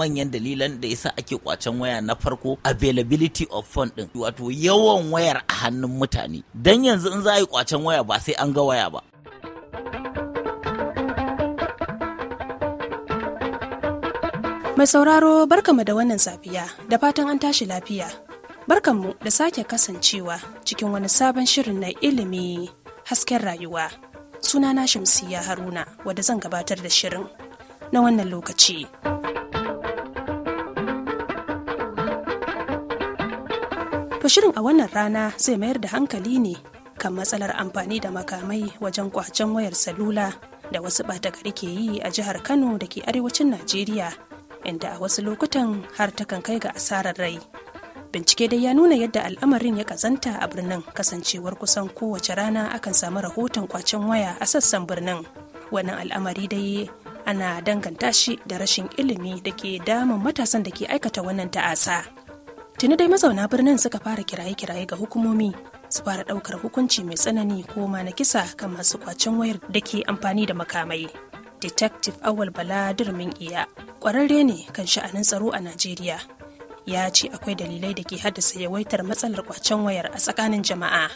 manyan dalilan da yasa ake kwacen waya na farko availability of phone din wato yawan wayar a hannun mutane dan yanzu in za a yi kwacen waya ba sai an ga waya ba mai sauraro barkamu da wannan safiya da fatan an tashi lafiya mu da sake kasancewa cikin wani sabon shirin na ilimi hasken rayuwa sunana shamsiya haruna wadda zan gabatar da shirin na wannan lokaci. shirin a wannan rana zai mayar da hankali ne kan matsalar amfani da makamai wajen kwacen wayar salula da wasu ɓata gari ke yi a jihar Kano da ke arewacin Najeriya, inda a wasu lokutan har ta kan kai ga asarar rai. Bincike dai ya nuna yadda al'amarin ya kazanta a birnin kasancewar kusan kowace rana akan samu rahoton kwacen waya a sassan birnin. Wannan al'amari dai ana danganta shi da rashin ilimi da ke damun matasan da ke aikata wannan ta'asa. tuni dai mazauna birnin suka fara kiraye-kiraye ga hukumomi su fara ɗaukar hukunci mai tsanani ko ma na kisa kan masu kwacen wayar da ke amfani da makamai detective awal bala durmin iya kwararre ne kan sha'anin tsaro a najeriya ya ce akwai dalilai da ke haddasa yawaitar matsalar kwacen wayar a tsakanin jama'a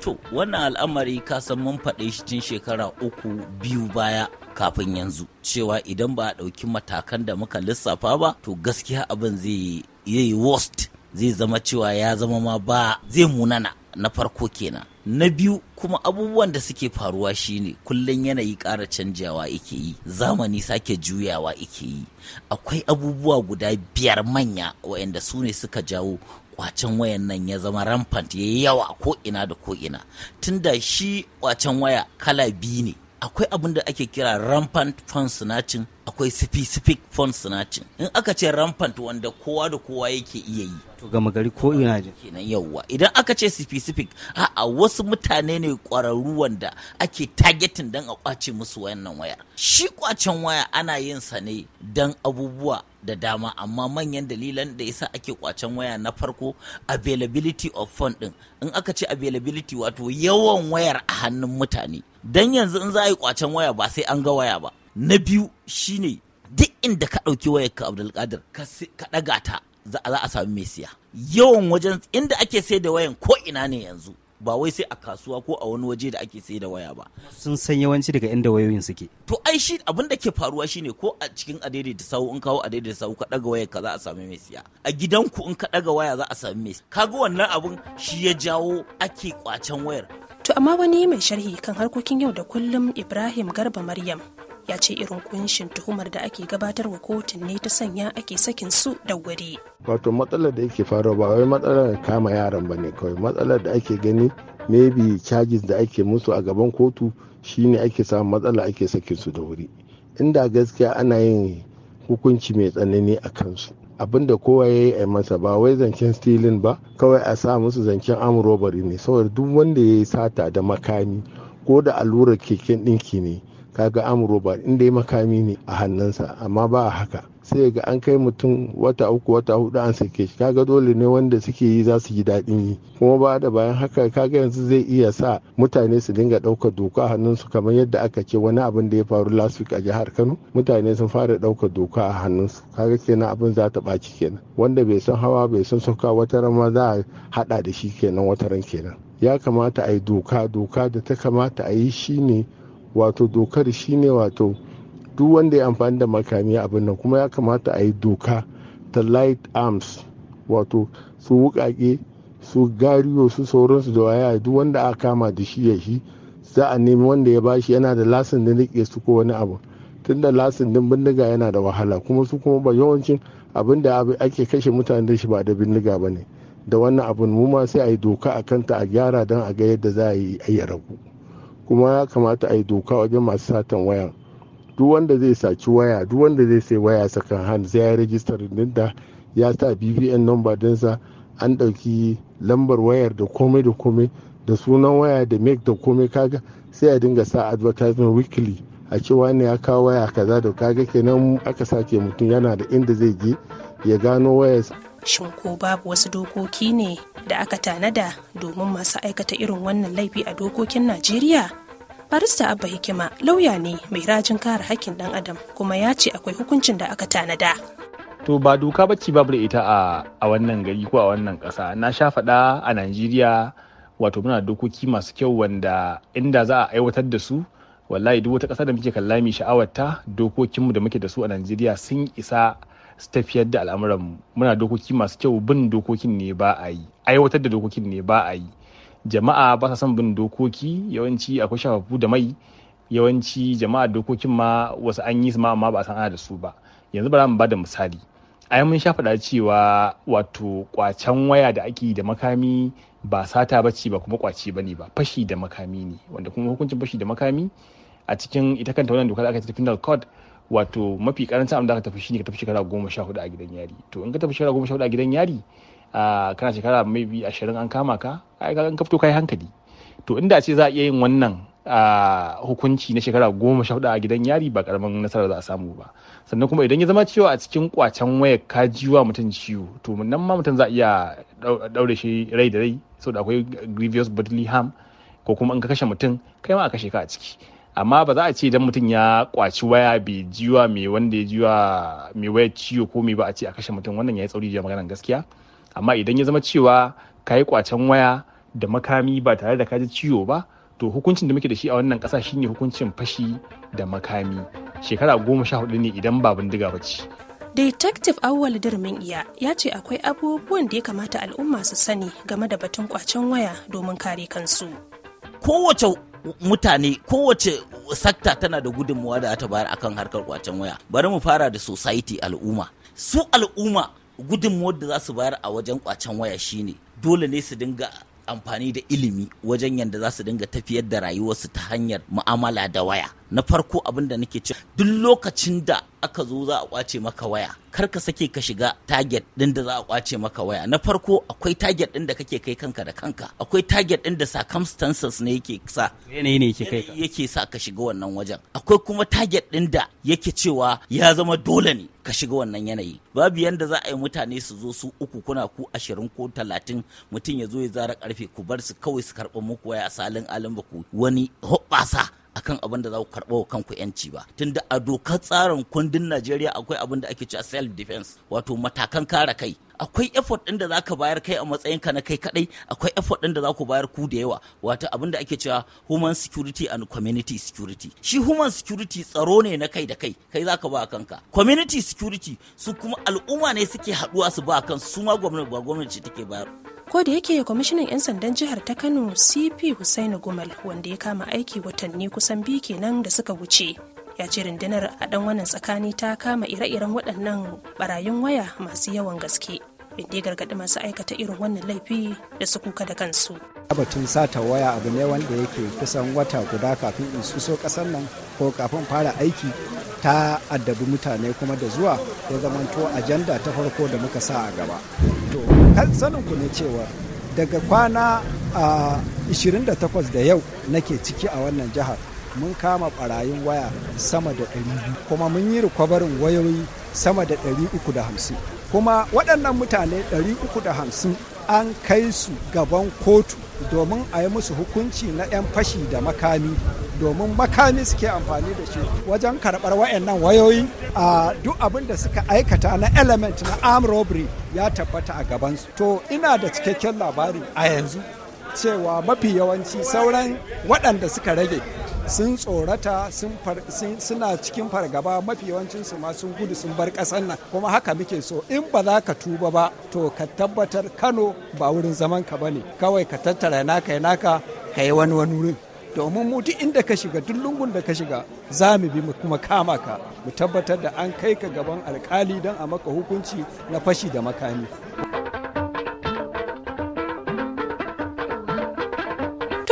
to wannan al'amari ka san mun faɗe shi tun shekara uku biyu baya kafin yanzu cewa idan ba a ɗauki matakan da muka lissafa ba to gaskiya abin zai yi worst zai zama cewa ya zama ma ba zai munana na farko kenan na biyu kuma abubuwan da suke faruwa shine kullum yanayi ƙara canjawa ike yi zamani sake juyawa ike yi akwai abubuwa guda biyar manya waɗanda su ne suka jawo kwacen wayan nan ya zama rampant ya yi yawa ko'ina da ko'ina, tunda shi kwacen waya kala biyu ne akwai abin da ake kira rampant phone snatching akwai specific phone snatching in aka ce rampant wanda kowa da kowa yake iya yi gama gari ko ina je kenan idan aka ce specific a'a wasu mutane ne kwararru wanda ake targeting dan a kwace musu wayannan wayar shi kwacen waya ana yin sa ne dan abubuwa da dama amma manyan dalilan da yasa ake kwacen waya na farko availability of fund din in aka ce availability wato yawan wayar a hannun mutane dan yanzu in za a yi kwacen waya ba sai an ga waya ba na biyu shine duk inda ka ɗauki wayar ka abdulkadir ka ɗaga ta za a sami mai siya yawan wajen inda ake sai da wayan ko ina ne yanzu ba wai sai a kasuwa ko a wani waje da ake sai da waya ba sun san yawanci daga inda wayoyin suke to ai shi abin da ke faruwa shine ko a cikin adaidai da sawu in kawo adaidai da sawu ka daga wayar ka za a sami mai siya a gidanku in ka daga waya za a sami mai siya? kaga wannan abin shi ya jawo ake kwacen wayar to amma wani mai sharhi kan harkokin yau da kullum Ibrahim Garba Maryam ya ce irin kunshin tuhumar da ake gabatar wa kotun ne ta sanya ake sakin su da wuri wato matsalar da yake faruwa ba wai matsalar kama yaran ba ne kawai matsalar da ake gani maybe charges da ake musu a gaban kotu shine ake samun matsala ake sakin su da wuri inda gaskiya ana yin hukunci mai tsanani a kansu abinda kowa ya yi a masa ba wai zancen stilin ba kawai a sa musu zancen robbery ne saboda duk wanda ya yi sata da makami ko da allurar keken ɗinki ne kaga amurba inda ya makami ne a hannunsa amma ba a haka sai ga an kai mutum wata uku wata hudu an sake shi kaga dole ne wanda suke yi za su yi daɗin yi kuma ba da bayan haka kaga yanzu zai iya sa mutane su dinga ɗaukar doka a hannunsu kamar yadda aka ce wani abin da ya faru last week a jihar kano mutane sun fara ɗaukar doka a hannunsu kaga kenan abin za ta ɓaci kenan wanda bai san hawa bai san sauka wata rama za a haɗa da shi kenan wata ran kenan ya kamata a yi doka doka da ta kamata a yi shi ne. wato dokar shine wato duk wanda ya amfani da makami abin nan kuma ya kamata a yi doka ta light arms wato su wukake su gariyo su sauransu da waya duk wanda a kama da shi ya shi za a nemi wanda ya bashi yana da lasin da rike su ko wani abu tun da lasin din bindiga yana da wahala kuma su kuma ba yawancin abin da ake kashe mutane da shi ba da bindiga ba ne da wannan abin mu ma sai a yi doka a kanta a gyara don a ga yadda za a yi a yi ragu. kuma ya kamata a yi doka wajen masu satan wayan duk wanda zai saci waya duk wanda zai sai waya sakan hand zai ya rajistar da ya sa bbn number dinsa an ɗauki lambar wayar da komai da komai da sunan waya da make da komai kaga sai a dinga sa advertisement weekly a cewa ne ya kawo waya kaza da kaga kenan aka sake mutum yana da inda zai je ya gano wayarsa shin ko babu wasu dokoki ne da aka tanada domin masu aikata irin wannan laifi a dokokin najeriya barista abba hikima lauya ne mai rajin kare hakkin dan adam kuma ya ce akwai hukuncin da aka tanada to ba doka bacci babu da ita a wannan gari ko a wannan kasa na sha faɗa a najeriya wato muna dokoki masu kyau wanda inda za a aiwatar da su wallahi duk wata kasa da muke kalla mai sha'awar dokokinmu da muke da su a najeriya sun isa su tafiyar da al'amuran muna dokoki masu kyau bin dokokin ne ba a yi aiwatar da dokokin ne ba a yi jama'a ba sa son bin dokoki yawanci akwai shafafu da mai yawanci jama'a dokokin ma wasu an yi su ma amma ba a san ana da su ba yanzu ba za mu ba da misali ai mun sha faɗa cewa wato kwacen waya da ake da makami ba sata ba ce ba kuma kwace ba ne ba fashi da makami ne wanda kuma hukuncin fashi da makami a cikin ita kanta wannan doka da aka ce penal code wato mafi karancin abin da aka tafi shine ka tafi shekara goma sha hudu a gidan yari to in ka tafi shekara goma sha hudu a gidan yari kana shekara maybe ashirin an kama ka ai ka ka fito kai hankali to inda ce za a iya yin wannan hukunci na shekara goma sha hudu a gidan yari ba karamin nasara za a samu ba sannan kuma idan ya zama cewa a cikin kwacen waya ka jiwa mutum ciwo to nan ma mutum za a iya daure shi rai da rai saboda akwai grievous bodily harm ko kuma in ka kashe mutum kai ma a kashe ka a ciki amma ba za a ce idan mutum ya kwaci waya bai jiwa mai wanda ya jiwa mai waya ciwo ko mai ba a ce a kashe mutum wannan ya yi tsauri jiya maganar gaskiya amma idan ya zama cewa ka yi kwacen waya da makami ba tare da kaji ciwo ba to hukuncin da muke da shi a wannan ƙasa shine hukuncin fashi da makami shekara goma sha hudu ne idan ba bindiga ba ce Detective Awwal Dirmin Iya ya ce akwai abubuwan da ya kamata al'umma su sani game da batun kwacen waya domin kare kansu. Kowace mutane kowace sakta tana da gudunmuwa da ta bayar akan harkar kwacen waya bari mu fara da society al'umma su al'umma gudunmuwar da za su bayar a wajen kwacen waya shine dole ne su dinga amfani da ilimi wajen yadda za su dinga tafiyar da rayuwarsu ta hanyar mu'amala da waya na farko abin da nake ce duk lokacin da aka zo za a kwace maka waya kar ka sake ka shiga target din da za a kwace maka waya na farko akwai target din da kake kai kanka da kanka akwai target din da circumstances ne yake sa yanayi ne yake kai ka yake sa ka shiga wannan wajen akwai kuma target din da yake cewa ya zama dole ne ka shiga wannan yanayi babu yanda za a yi mutane su zo su uku kuna ku ashirin ko talatin mutum ya zo ya zara karfe ku bar su kawai su karɓi muku waya a salin alin ba ku wani hoɓɓasa akan abin da za ku karɓa kanku yanci ba tunda a dokar tsarin kundin Najeriya akwai abin da ake cewa self defense wato matakan kare kai akwai effort ɗin da zaka bayar kai a matsayin ka na kai kadai akwai effort ɗin da zaku bayar ku da yawa wato abin da ake cewa human security and community security shi human security tsaro ne na kai da kai kai zaka ba kanka community security su kuma al'umma ne suke haduwa su ba kansu su ma gwamnati ba gwamnati take bayar ko da yake kwamishinan 'yan sandan jihar ta kano cp husainu gumal wanda ya kama aiki watanni kusan biyu kenan da suka wuce ya ce rundunar a dan wannan tsakani ta kama ire-iren waɗannan barayin waya masu yawan gaske inda ya gargaɗi masu aikata irin wannan laifi da su kuka da kansu. batun sata waya abu ne wanda yake kusan wata guda kafin in suso kasar nan ko kafin fara aiki ta addabi mutane kuma da zuwa ya zamanto ajanda ta farko da muka sa a gaba. sanin ku ne cewa daga kwana a 28 da yau nake ciki a wannan jihar mun kama barayin waya sama da 200 kuma mun yi rikwabarin wayoyi sama da 350 kuma waɗannan mutane 350 an kai su gaban kotu domin a yi musu hukunci na 'yan fashi da makami domin makami suke amfani da shi wajen karɓar wayannan wayoyi a duk abin da suka aikata na element na arm robbery ya tabbata a gabansu to ina da cikakken labari a yanzu cewa mafi yawanci sauran waɗanda suka rage sun tsorata suna cikin fargaba mafi yawancinsu ma sun gudu sun bar ƙasar nan kuma haka muke so in ba za ka tuba ba to ka tabbatar kano ba wurin zaman ka bane kawai ka tattara naka naka ka yi wani wani wurin domin mu duk inda ka shiga duk lungun da ka shiga za mu bi mu kuma kama ka mu tabbatar da an kai ka gaban alkali don a maka hukunci na fashi da makami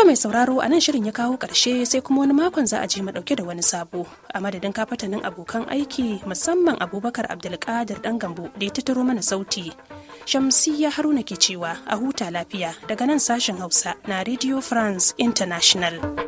mai sauraro a nan shirin ya kawo ƙarshe sai kuma wani makon za a je ɗauke da wani sabo a madadin kafatanin abokan aiki musamman abubakar abdulkadir dan gambo da ya tattaro mana sauti Shamsiyya Haruna ke cewa a huta lafiya daga nan sashen Hausa na Radio France International.